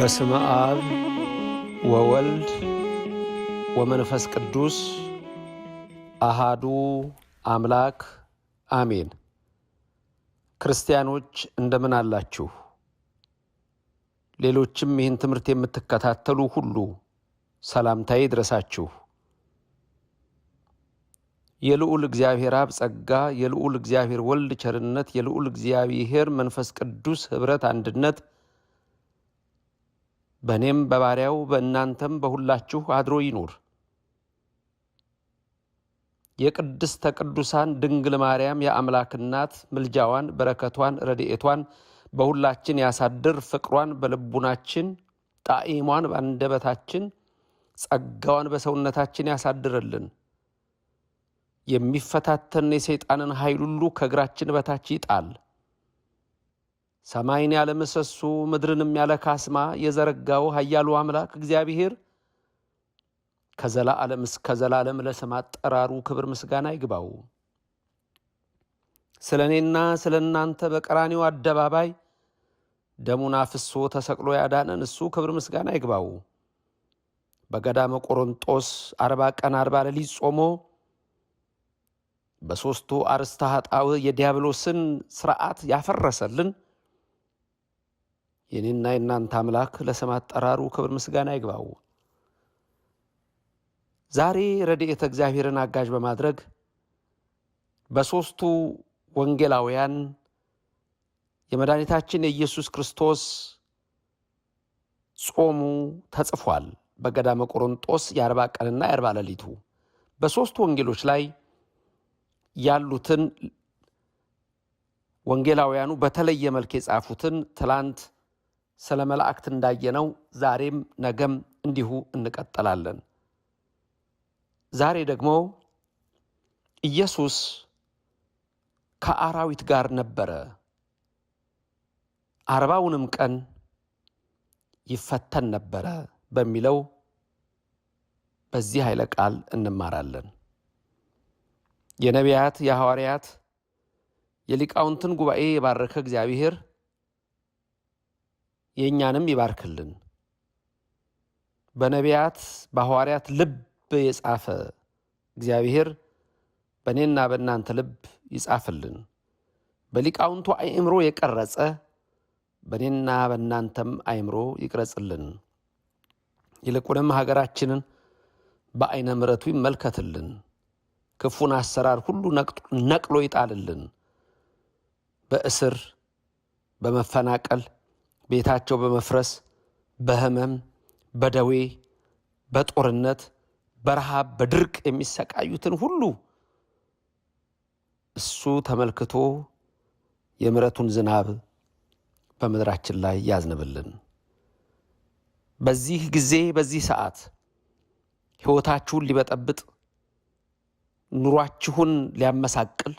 በስመ አብ ወወልድ ወመንፈስ ቅዱስ አሃዱ አምላክ አሜን። ክርስቲያኖች እንደምን አላችሁ? ሌሎችም ይህን ትምህርት የምትከታተሉ ሁሉ ሰላምታዬ ይድረሳችሁ። የልዑል እግዚአብሔር አብ ጸጋ፣ የልዑል እግዚአብሔር ወልድ ቸርነት፣ የልዑል እግዚአብሔር መንፈስ ቅዱስ ኅብረት አንድነት በእኔም በባሪያው በእናንተም በሁላችሁ አድሮ ይኑር። የቅድስተ ቅዱሳን ድንግል ማርያም የአምላክ እናት ምልጃዋን፣ በረከቷን፣ ረድኤቷን በሁላችን ያሳድር። ፍቅሯን በልቡናችን ጣዕሟን በአንደበታችን ጸጋዋን በሰውነታችን ያሳድርልን። የሚፈታተን የሰይጣንን ኃይል ሁሉ ከእግራችን በታች ይጣል። ሰማይን ያለ ምሰሶ ምድርንም ያለ ካስማ የዘረጋው ኃያሉ አምላክ እግዚአብሔር ከዘላለም እስከ ዘላለም ለስም አጠራሩ ክብር ምስጋና ይግባው። ስለ እኔና ስለ እናንተ በቀራኒው አደባባይ ደሙን አፍሶ ተሰቅሎ ያዳነን እሱ ክብር ምስጋና ይግባው። በገዳመ ቆሮንጦስ አርባ ቀን አርባ ሌሊት ጾሞ በሦስቱ አርስተ ኃጣውእ የዲያብሎስን ስርዓት ያፈረሰልን የኔና የእናንተ አምላክ ለሰማት አጠራሩ ክብር ምስጋና ይግባው። ዛሬ ረድኤተ እግዚአብሔርን አጋዥ በማድረግ በሦስቱ ወንጌላውያን የመድኃኒታችን የኢየሱስ ክርስቶስ ጾሙ ተጽፏል። በገዳመ ቆሮንጦስ የአርባ ቀንና የአርባ ሌሊቱ በሦስቱ ወንጌሎች ላይ ያሉትን ወንጌላውያኑ በተለየ መልክ የጻፉትን ትላንት ስለ መላእክት እንዳየነው ዛሬም ነገም እንዲሁ እንቀጥላለን። ዛሬ ደግሞ ኢየሱስ ከአራዊት ጋር ነበረ። አርባውንም ቀን ይፈተን ነበረ በሚለው በዚህ ኃይለ ቃል እንማራለን። የነቢያት፣ የሐዋርያት፣ የሊቃውንትን ጉባኤ የባረከ እግዚአብሔር የእኛንም ይባርክልን። በነቢያት በሐዋርያት ልብ የጻፈ እግዚአብሔር በእኔና በእናንተ ልብ ይጻፍልን። በሊቃውንቱ አእምሮ የቀረጸ በእኔና በእናንተም አእምሮ ይቅረጽልን። ይልቁንም ሀገራችንን በአይነ ምረቱ ይመልከትልን። ክፉን አሰራር ሁሉ ነቅሎ ይጣልልን። በእስር በመፈናቀል ቤታቸው በመፍረስ በህመም፣ በደዌ፣ በጦርነት፣ በረሃብ፣ በድርቅ የሚሰቃዩትን ሁሉ እሱ ተመልክቶ የምረቱን ዝናብ በምድራችን ላይ ያዝንብልን። በዚህ ጊዜ በዚህ ሰዓት ሕይወታችሁን ሊበጠብጥ ኑሯችሁን ሊያመሳቅል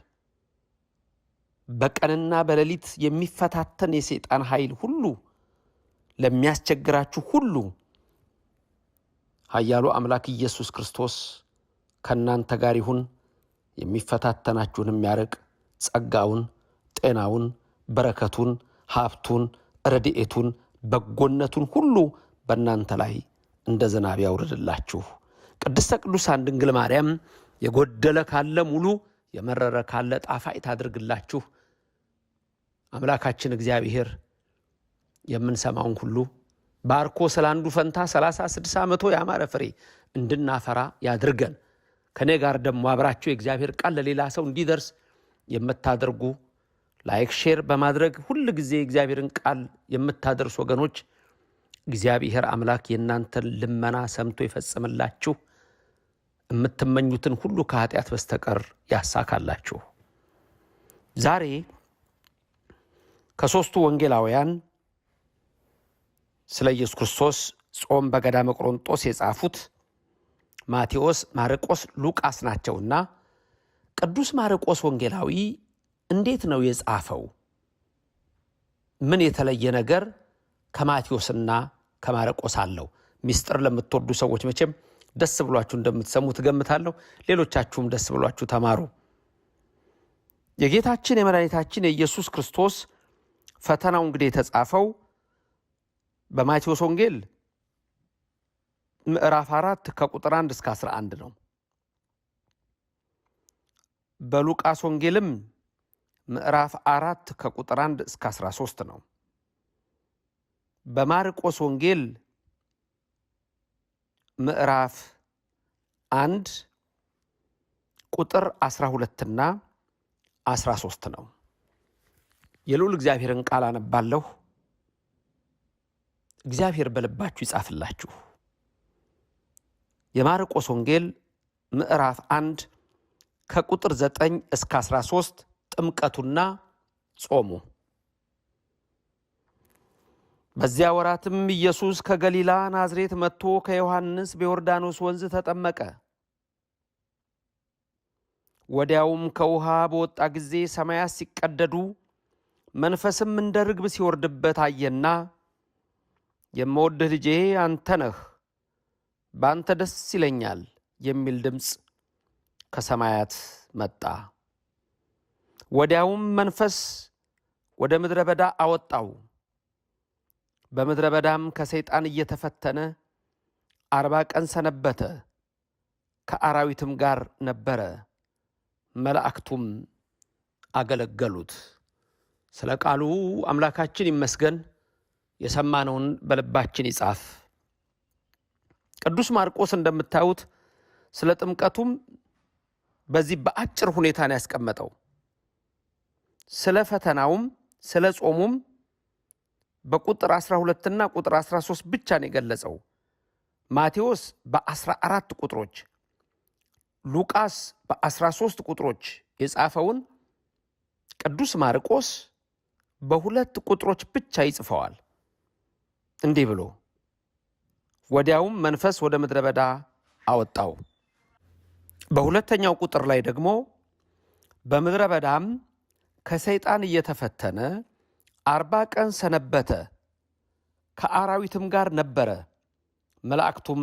በቀንና በሌሊት የሚፈታተን የሰይጣን ኃይል ሁሉ ለሚያስቸግራችሁ ሁሉ ኃያሉ አምላክ ኢየሱስ ክርስቶስ ከእናንተ ጋር ይሁን። የሚፈታተናችሁን የሚያርቅ ጸጋውን፣ ጤናውን፣ በረከቱን፣ ሀብቱን፣ ረድኤቱን፣ በጎነቱን ሁሉ በእናንተ ላይ እንደ ዝናብ ያውርድላችሁ። ቅድስተ ቅዱሳን ድንግል ማርያም የጎደለ ካለ ሙሉ የመረረ ካለ ጣፋጭ ታድርግላችሁ። አምላካችን እግዚአብሔር የምንሰማውን ሁሉ ባርኮ ስለ አንዱ ፈንታ 36 ስድሳ መቶ ያማረ ፍሬ እንድናፈራ ያድርገን። ከእኔ ጋር ደግሞ አብራችሁ የእግዚአብሔር ቃል ለሌላ ሰው እንዲደርስ የምታደርጉ ላይክ፣ ሼር በማድረግ ሁል ጊዜ የእግዚአብሔርን ቃል የምታደርስ ወገኖች እግዚአብሔር አምላክ የእናንተን ልመና ሰምቶ ይፈጽምላችሁ፣ የምትመኙትን ሁሉ ከኃጢአት በስተቀር ያሳካላችሁ ዛሬ ከሦስቱ ወንጌላውያን ስለ ኢየሱስ ክርስቶስ ጾም በገዳመ ቆሮንጦስ የጻፉት ማቴዎስ፣ ማርቆስ፣ ሉቃስ ናቸውና ቅዱስ ማርቆስ ወንጌላዊ እንዴት ነው የጻፈው? ምን የተለየ ነገር ከማቴዎስና ከማርቆስ አለው? ሚስጥር ለምትወዱ ሰዎች መቼም ደስ ብሏችሁ እንደምትሰሙ ትገምታለሁ። ሌሎቻችሁም ደስ ብሏችሁ ተማሩ። የጌታችን የመድኃኒታችን የኢየሱስ ክርስቶስ ፈተናው እንግዲህ የተጻፈው በማቴዎስ ወንጌል ምዕራፍ አራት ከቁጥር አንድ እስከ አስራ አንድ ነው። በሉቃስ ወንጌልም ምዕራፍ አራት ከቁጥር አንድ እስከ አስራ ሶስት ነው። በማርቆስ ወንጌል ምዕራፍ አንድ ቁጥር አስራ ሁለትና አስራ ሶስት ነው። የልዑል እግዚአብሔርን ቃል አነባለሁ። እግዚአብሔር በልባችሁ ይጻፍላችሁ። የማርቆስ ወንጌል ምዕራፍ አንድ ከቁጥር ዘጠኝ እስከ አስራ ሶስት ጥምቀቱና ጾሙ። በዚያ ወራትም ኢየሱስ ከገሊላ ናዝሬት መጥቶ ከዮሐንስ በዮርዳኖስ ወንዝ ተጠመቀ። ወዲያውም ከውሃ በወጣ ጊዜ ሰማያት ሲቀደዱ መንፈስም እንደ ርግብ ሲወርድበት አየና የምወድህ ልጄ አንተ ነህ፣ በአንተ ደስ ይለኛል የሚል ድምፅ ከሰማያት መጣ። ወዲያውም መንፈስ ወደ ምድረ በዳ አወጣው። በምድረ በዳም ከሰይጣን እየተፈተነ አርባ ቀን ሰነበተ። ከአራዊትም ጋር ነበረ። መላእክቱም አገለገሉት። ስለ ቃሉ አምላካችን ይመስገን። የሰማነውን በልባችን ይጻፍ። ቅዱስ ማርቆስ እንደምታዩት ስለ ጥምቀቱም በዚህ በአጭር ሁኔታ ነው ያስቀመጠው። ስለ ፈተናውም ስለ ጾሙም በቁጥር 12ና ቁጥር 13 ብቻ ነው የገለጸው። ማቴዎስ በ14 ቁጥሮች፣ ሉቃስ በ13 ቁጥሮች የጻፈውን ቅዱስ ማርቆስ በሁለት ቁጥሮች ብቻ ይጽፈዋል። እንዲህ ብሎ ወዲያውም መንፈስ ወደ ምድረ በዳ አወጣው። በሁለተኛው ቁጥር ላይ ደግሞ በምድረ በዳም ከሰይጣን እየተፈተነ አርባ ቀን ሰነበተ፣ ከአራዊትም ጋር ነበረ፣ መላእክቱም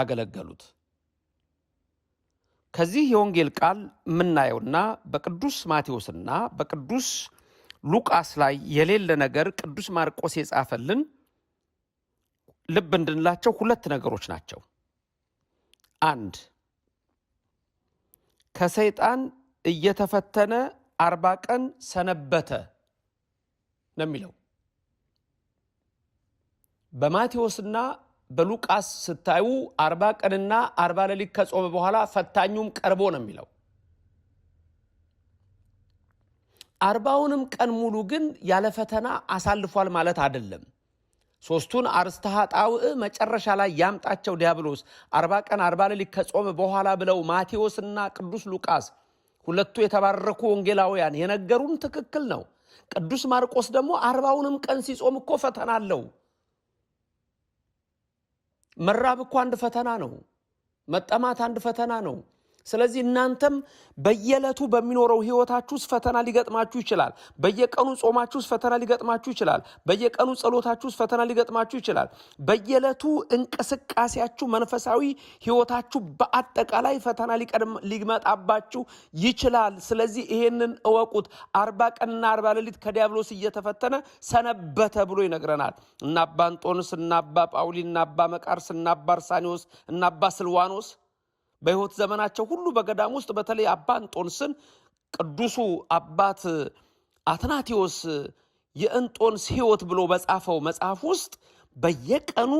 አገለገሉት። ከዚህ የወንጌል ቃል የምናየውና በቅዱስ ማቴዎስና በቅዱስ ሉቃስ ላይ የሌለ ነገር ቅዱስ ማርቆስ የጻፈልን ልብ እንድንላቸው ሁለት ነገሮች ናቸው። አንድ ከሰይጣን እየተፈተነ አርባ ቀን ሰነበተ ነው የሚለው። በማቴዎስና በሉቃስ ስታዩ አርባ ቀንና አርባ ሌሊት ከጾመ በኋላ ፈታኙም ቀርቦ ነው የሚለው። አርባውንም ቀን ሙሉ ግን ያለ ፈተና አሳልፏል ማለት አይደለም። ሶስቱን አርስተሃ ኃጣውእ መጨረሻ ላይ ያምጣቸው ዲያብሎስ አርባ ቀን አርባ ሌሊት ከጾመ በኋላ ብለው ማቴዎስና ቅዱስ ሉቃስ ሁለቱ የተባረኩ ወንጌላውያን የነገሩን ትክክል ነው። ቅዱስ ማርቆስ ደግሞ አርባውንም ቀን ሲጾም እኮ ፈተና አለው። መራብ እኮ አንድ ፈተና ነው። መጠማት አንድ ፈተና ነው። ስለዚህ እናንተም በየዕለቱ በሚኖረው ህይወታችሁ ውስጥ ፈተና ሊገጥማችሁ ይችላል። በየቀኑ ጾማችሁ ውስጥ ፈተና ሊገጥማችሁ ይችላል። በየቀኑ ጸሎታችሁ ውስጥ ፈተና ሊገጥማችሁ ይችላል። በየዕለቱ እንቅስቃሴያችሁ፣ መንፈሳዊ ህይወታችሁ በአጠቃላይ ፈተና ሊመጣባችሁ ይችላል። ስለዚህ ይሄንን እወቁት። አርባ ቀንና አርባ ሌሊት ከዲያብሎስ እየተፈተነ ሰነበተ ብሎ ይነግረናል። እና አባ አንጦንስ እና አባ ጳውሊ እና አባ መቃርስ እና አባ አርሳኒዎስ እና አባ ስልዋኖስ በሕይወት ዘመናቸው ሁሉ በገዳም ውስጥ በተለይ አባ እንጦንስን ቅዱሱ አባት አትናቴዎስ የእንጦንስ ሕይወት ብሎ በጻፈው መጽሐፍ ውስጥ በየቀኑ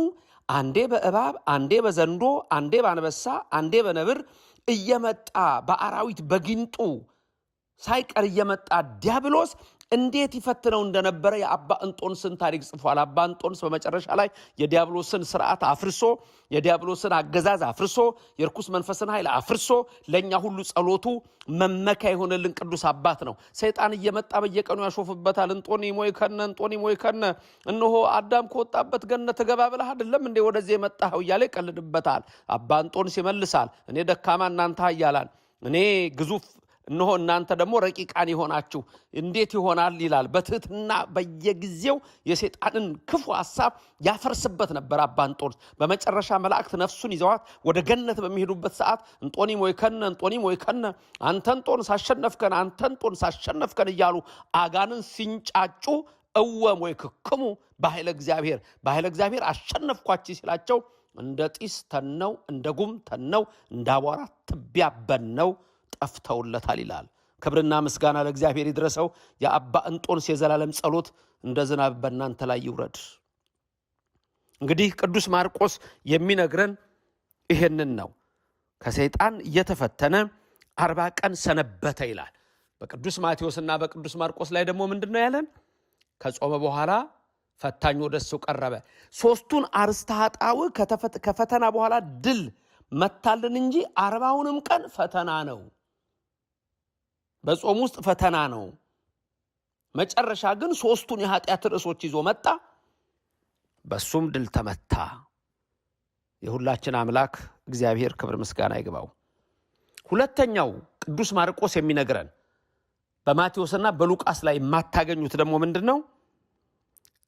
አንዴ በእባብ አንዴ በዘንዶ አንዴ በአንበሳ አንዴ በነብር እየመጣ በአራዊት በጊንጡ ሳይቀር እየመጣ ዲያብሎስ እንዴት ይፈትነው እንደነበረ የአባ እንጦንስን ታሪክ ጽፏል። አባ እንጦንስ በመጨረሻ ላይ የዲያብሎስን ስርዓት አፍርሶ የዲያብሎስን አገዛዝ አፍርሶ የርኩስ መንፈስን ኃይል አፍርሶ ለእኛ ሁሉ ጸሎቱ መመኪያ የሆነልን ቅዱስ አባት ነው። ሰይጣን እየመጣ በየቀኑ ያሾፍበታል። እንጦኒ ሞይ ከነ እንጦኒ ሞይ ከነ እነሆ አዳም ከወጣበት ገነት ገባ ብለህ አይደለም እንዴ ወደዚህ የመጣኸው እያለ ይቀልድበታል። አባ እንጦንስ ይመልሳል፣ እኔ ደካማ እናንተ ኃያላን እኔ ግዙፍ እነሆ እናንተ ደግሞ ረቂቃን ይሆናችሁ እንዴት ይሆናል ይላል። በትህትና በየጊዜው የሴጣንን ክፉ ሀሳብ ያፈርስበት ነበር አባ እንጦንስ። በመጨረሻ መላእክት ነፍሱን ይዘዋት ወደ ገነት በሚሄዱበት ሰዓት እንጦኒም ወይ ከነ እንጦኒም ወይ ከነ አንተ እንጦንስ አሸነፍከን፣ አንተ እንጦንስ አሸነፍከን እያሉ አጋንን ሲንጫጩ እወም ወይ ክክሙ በኃይለ እግዚአብሔር በኃይለ እግዚአብሔር አሸነፍኳችሁ ሲላቸው እንደ ጢስ ተነው፣ እንደ ጉም ተነው፣ እንደ አቧራ ትቢያ በነው ጠፍተውለታል ይላል። ክብርና ምስጋና ለእግዚአብሔር ይድረሰው። የአባ እንጦንስ የዘላለም ጸሎት እንደ ዝናብ በእናንተ ላይ ይውረድ። እንግዲህ ቅዱስ ማርቆስ የሚነግረን ይሄንን ነው። ከሰይጣን እየተፈተነ አርባ ቀን ሰነበተ ይላል። በቅዱስ ማቴዎስና በቅዱስ ማርቆስ ላይ ደግሞ ምንድን ነው ያለን? ከጾመ በኋላ ፈታኝ ወደ እሱ ቀረበ። ሦስቱን አርስተ ኃጣውእ ከፈተና በኋላ ድል መታልን እንጂ አርባውንም ቀን ፈተና ነው። በጾም ውስጥ ፈተና ነው። መጨረሻ ግን ሶስቱን የኃጢአት ርዕሶች ይዞ መጣ። በሱም ድል ተመታ። የሁላችን አምላክ እግዚአብሔር ክብር ምስጋና ይግባው። ሁለተኛው ቅዱስ ማርቆስ የሚነግረን በማቴዎስና በሉቃስ ላይ የማታገኙት ደግሞ ምንድን ነው?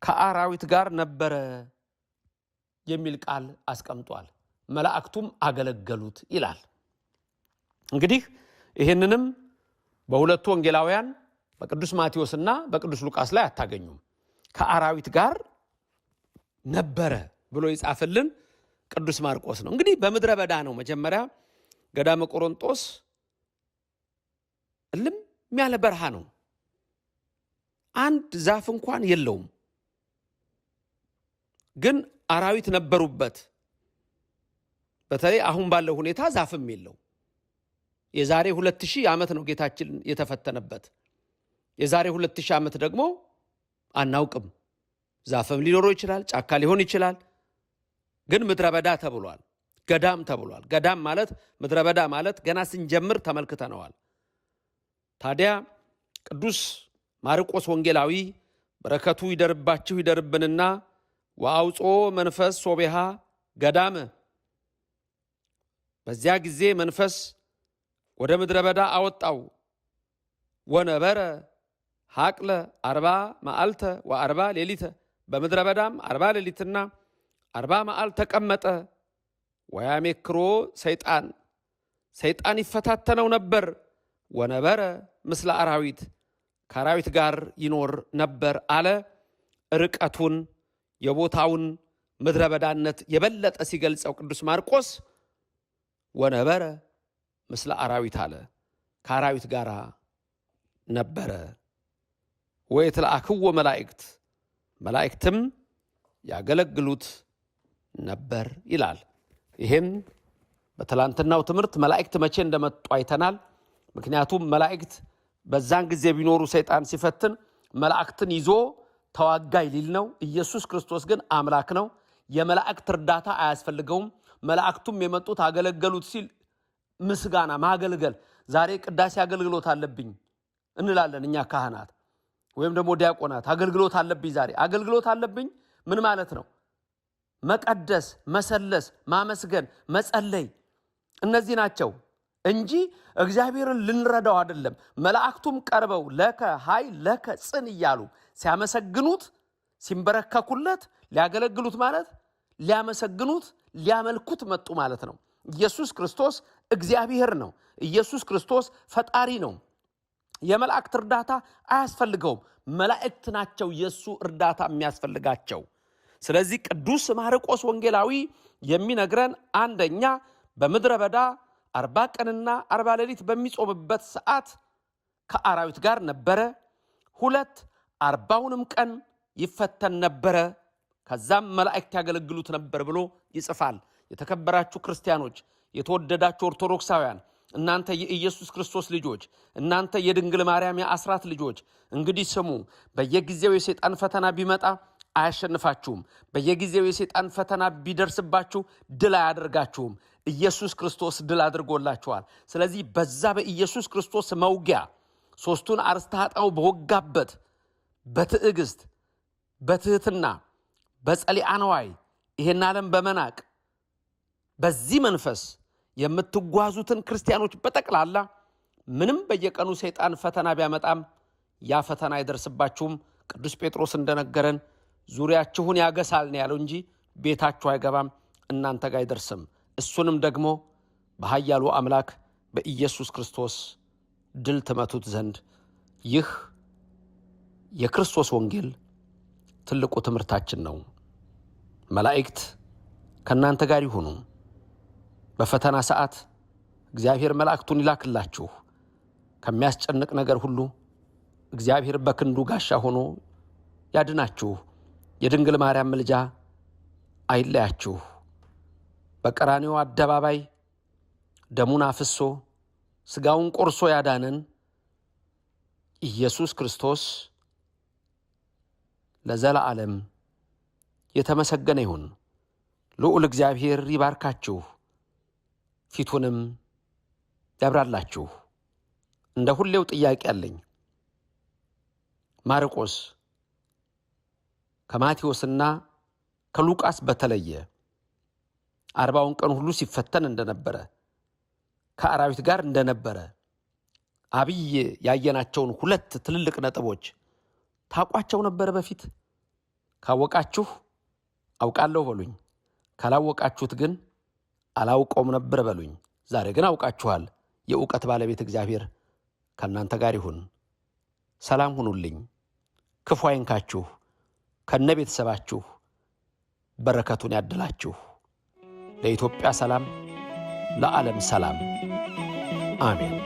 ከአራዊት ጋር ነበረ የሚል ቃል አስቀምጧል። መላእክቱም አገለገሉት ይላል። እንግዲህ ይህንንም በሁለቱ ወንጌላውያን በቅዱስ ማቴዎስና በቅዱስ ሉቃስ ላይ አታገኙም። ከአራዊት ጋር ነበረ ብሎ ይጻፍልን ቅዱስ ማርቆስ ነው። እንግዲህ በምድረ በዳ ነው መጀመሪያ ገዳመ ቆሮንጦስ እልም ያለ በረሃ ነው። አንድ ዛፍ እንኳን የለውም፣ ግን አራዊት ነበሩበት። በተለይ አሁን ባለው ሁኔታ ዛፍም የለው። የዛሬ ሁለት ሺህ ዓመት ነው ጌታችን የተፈተነበት። የዛሬ ሁለት ሺህ ዓመት ደግሞ አናውቅም። ዛፍም ሊኖረው ይችላል፣ ጫካ ሊሆን ይችላል። ግን ምድረ በዳ ተብሏል፣ ገዳም ተብሏል። ገዳም ማለት ምድረ በዳ ማለት ገና ስንጀምር ተመልክተነዋል። ታዲያ ቅዱስ ማርቆስ ወንጌላዊ በረከቱ ይደርባችሁ ይደርብንና ወአውጾ መንፈስ ሶቤሃ ገዳም በዚያ ጊዜ መንፈስ ወደ ምድረ በዳ አወጣው። ወነበረ ሀቅለ አርባ መዓልተ ወአርባ ሌሊተ በምድረ በዳም አርባ ሌሊትና አርባ መዓል ተቀመጠ። ወያሜክሮ ሰይጣን ሰይጣን ይፈታተነው ነበር። ወነበረ ምስለ አራዊት ከአራዊት ጋር ይኖር ነበር አለ። ርቀቱን የቦታውን ምድረ በዳነት የበለጠ ሲገልጸው ቅዱስ ማርቆስ ወነበረ ምስለ አራዊት አለ ከአራዊት ጋር ነበረ። ወየትለአክዎ መላእክት መላእክትም ያገለግሉት ነበር ይላል። ይህም በትላንትናው ትምህርት መላእክት መቼ እንደመጡ አይተናል። ምክንያቱም መላእክት በዛን ጊዜ ቢኖሩ ሰይጣን ሲፈትን መላእክትን ይዞ ተዋጋይ ሊል ነው። ኢየሱስ ክርስቶስ ግን አምላክ ነው። የመላእክት እርዳታ አያስፈልገውም። መላእክቱም የመጡት አገለገሉት ሲል ምስጋና ማገልገል። ዛሬ ቅዳሴ አገልግሎት አለብኝ እንላለን እኛ ካህናት ወይም ደግሞ ዲያቆናት። አገልግሎት አለብኝ ዛሬ አገልግሎት አለብኝ ምን ማለት ነው? መቀደስ፣ መሰለስ፣ ማመስገን፣ መጸለይ እነዚህ ናቸው እንጂ እግዚአብሔርን ልንረዳው አይደለም። መላእክቱም ቀርበው ለከ ሀይ ለከ ጽን እያሉ ሲያመሰግኑት ሲንበረከኩለት ሊያገለግሉት ማለት ሊያመሰግኑት ሊያመልኩት መጡ ማለት ነው። ኢየሱስ ክርስቶስ እግዚአብሔር ነው። ኢየሱስ ክርስቶስ ፈጣሪ ነው። የመላእክት እርዳታ አያስፈልገውም። መላእክት ናቸው የእሱ እርዳታ የሚያስፈልጋቸው። ስለዚህ ቅዱስ ማርቆስ ወንጌላዊ የሚነግረን አንደኛ በምድረ በዳ አርባ ቀንና አርባ ሌሊት በሚጾምበት ሰዓት ከአራዊት ጋር ነበረ። ሁለት አርባውንም ቀን ይፈተን ነበረ። ከዛም መላእክት ያገለግሉት ነበር ብሎ ይጽፋል። የተከበራችሁ ክርስቲያኖች የተወደዳችሁ ኦርቶዶክሳውያን እናንተ የኢየሱስ ክርስቶስ ልጆች፣ እናንተ የድንግል ማርያም የአስራት ልጆች እንግዲህ ስሙ። በየጊዜው የሰይጣን ፈተና ቢመጣ አያሸንፋችሁም። በየጊዜው የሰይጣን ፈተና ቢደርስባችሁ ድል አያደርጋችሁም። ኢየሱስ ክርስቶስ ድል አድርጎላችኋል። ስለዚህ በዛ በኢየሱስ ክርስቶስ መውጊያ ሦስቱን አርእስተ ኃጣውእ በወጋበት በትዕግስት በትህትና በጸሊአ ነዋይ ይሄን ዓለም በመናቅ በዚህ መንፈስ የምትጓዙትን ክርስቲያኖች በጠቅላላ ምንም በየቀኑ ሰይጣን ፈተና ቢያመጣም ያ ፈተና አይደርስባችሁም። ቅዱስ ጴጥሮስ እንደነገረን ዙሪያችሁን ያገሳል ነው ያለው እንጂ ቤታችሁ አይገባም፣ እናንተ ጋር አይደርስም። እሱንም ደግሞ በኃያሉ አምላክ በኢየሱስ ክርስቶስ ድል ትመቱት ዘንድ ይህ የክርስቶስ ወንጌል ትልቁ ትምህርታችን ነው። መላእክት ከእናንተ ጋር ይሁኑም። በፈተና ሰዓት እግዚአብሔር መላእክቱን ይላክላችሁ። ከሚያስጨንቅ ነገር ሁሉ እግዚአብሔር በክንዱ ጋሻ ሆኖ ያድናችሁ። የድንግል ማርያም ምልጃ አይለያችሁ። በቀራኒው አደባባይ ደሙን አፍሶ ሥጋውን ቆርሶ ያዳነን ኢየሱስ ክርስቶስ ለዘላለም የተመሰገነ ይሁን። ልዑል እግዚአብሔር ይባርካችሁ። ፊቱንም ያብራላችሁ። እንደ ሁሌው ጥያቄ አለኝ። ማርቆስ ከማቴዎስና ከሉቃስ በተለየ አርባውን ቀን ሁሉ ሲፈተን እንደነበረ ከአራዊት ጋር እንደነበረ አብይ ያየናቸውን ሁለት ትልልቅ ነጥቦች ታውቋቸው ነበረ በፊት? ካወቃችሁ አውቃለሁ በሉኝ፣ ካላወቃችሁት ግን አላውቀውም ነበር በሉኝ፣ ዛሬ ግን አውቃችኋል። የእውቀት ባለቤት እግዚአብሔር ከእናንተ ጋር ይሁን። ሰላም ሁኑልኝ። ክፉ አይንካችሁ፣ ከነ ቤተሰባችሁ በረከቱን ያድላችሁ። ለኢትዮጵያ ሰላም፣ ለዓለም ሰላም። አሜን።